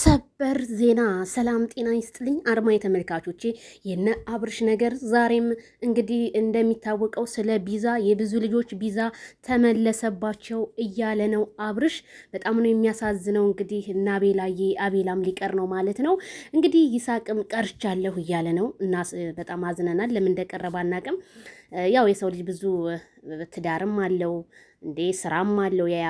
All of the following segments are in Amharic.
ሰበር ዜና። ሰላም ጤና ይስጥልኝ አርማ የተመልካቾቼ የነ አብርሽ ነገር ዛሬም እንግዲህ እንደሚታወቀው ስለ ቢዛ የብዙ ልጆች ቢዛ ተመለሰባቸው እያለ ነው አብርሽ። በጣም ነው የሚያሳዝነው። እንግዲህ እና አቤላዬ አቤላም ሊቀር ነው ማለት ነው። እንግዲህ ይሳቅም ቀርቻለሁ እያለ ነው እና በጣም አዝነናል። ለምን እንደቀረ ያው የሰው ልጅ ብዙ ትዳርም አለው እንዴ ስራም አለው ያ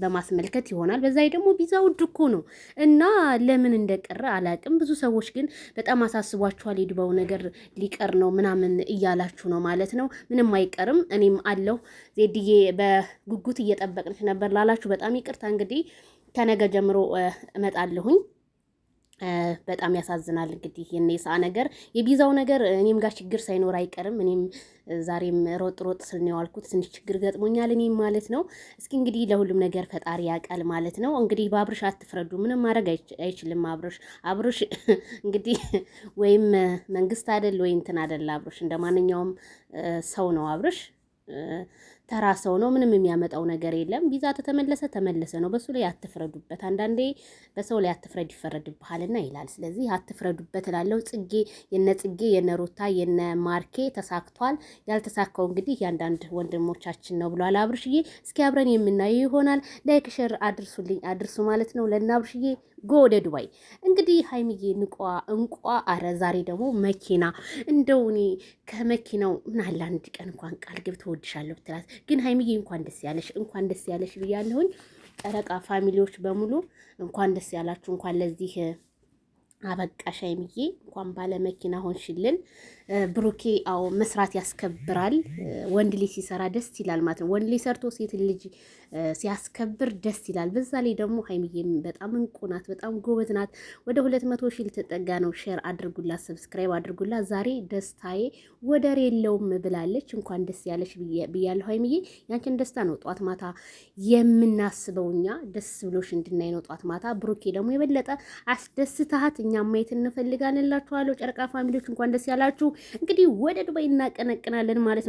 በማስመልከት ይሆናል። በዛ ደግሞ ቪዛ ውድ እኮ ነው እና ለምን እንደቀረ አላቅም። ብዙ ሰዎች ግን በጣም አሳስቧችኋል። የዱባው ነገር ሊቀር ነው ምናምን እያላችሁ ነው ማለት ነው። ምንም አይቀርም። እኔም አለው ዜድዬ በጉጉት እየጠበቅንች ነበር ላላችሁ በጣም ይቅርታ። እንግዲህ ከነገ ጀምሮ እመጣለሁኝ። በጣም ያሳዝናል። እንግዲህ የኔ ነገር የቢዛው ነገር እኔም ጋር ችግር ሳይኖር አይቀርም። እኔም ዛሬም ሮጥ ሮጥ ስል ነው ያልኩት። ትንሽ ችግር ገጥሞኛል እኔም ማለት ነው። እስኪ እንግዲህ ለሁሉም ነገር ፈጣሪ ያቃል ማለት ነው። እንግዲህ በአብርሽ አትፍረዱ፣ ምንም ማድረግ አይችልም። አብርሽ አብርሽ እንግዲህ ወይም መንግስት አይደል ወይ እንትን አይደል አብርሽ እንደ ማንኛውም ሰው ነው አብርሽ ተራ ሰው ነው። ምንም የሚያመጣው ነገር የለም። ቪዛ ተተመለሰ ተመለሰ ነው። በሱ ላይ አትፍረዱበት። አንዳንዴ በሰው ላይ አትፍረድ ይፈረድብሃልና ይላል። ስለዚህ አትፍረዱበት እላለሁ። ጽጌ የነ ጽጌ የነ ሩታ የነ ማርኬ ተሳክቷል። ያልተሳካው እንግዲህ ያንዳንድ ወንድሞቻችን ነው ብሏል አብርሽዬ። እስኪ አብረን የምናየው ይሆናል። ላይክ ሸር አድርሱልኝ አድርሱ ማለት ነው ለእነ አብርሽዬ ጎ ወደ ዱባይ እንግዲህ ሀይሚዬ ንቋ እንቋ። አረ ዛሬ ደግሞ መኪና እንደው እኔ ከመኪናው ምናለ አንድ ቀን እንኳን ቃል ግብ እወድሻለሁ ብትላት ግን ሀይሚዬ እንኳን ደስ ያለሽ፣ እንኳን ደስ ያለሽ ብያለሁኝ። ጨረቃ ፋሚሊዎች በሙሉ እንኳን ደስ ያላችሁ፣ እንኳን ለዚህ አበቃሽ ሀይሚዬ፣ እንኳን ባለ መኪና ሆንሽልን። ብሩኬ አዎ መስራት ያስከብራል። ወንድ ልጅ ሲሰራ ደስ ይላል ማለት ነው። ወንድ ልጅ ሰርቶ ሴት ልጅ ሲያስከብር ደስ ይላል። በዛ ላይ ደግሞ ሀይሚዬም በጣም እንቁ ናት፣ በጣም ጎበዝ ናት። ወደ ሁለት መቶ ሺህ ልትጠጋ ነው። ሼር አድርጉላት፣ ሰብስክራይብ አድርጉላት። ዛሬ ደስታዬ ወደር የለውም ብላለች። እንኳን ደስ ያለሽ ብያለሁ ሀይምዬ ያንቺን ደስታ ነው ጧት ማታ የምናስበው እኛ። ደስ ብሎሽ እንድናይ ነው ጧት ማታ። ብሩኬ ደግሞ የበለጠ አስደስታት እኛም ማየት እንፈልጋለን እላችኋለሁ። ጨረቃ ፋሚሊዎች እንኳን ደስ ያላችሁ። እንግዲህ ወደ ዱባይ እናቀነቅናለን ማለት ነው።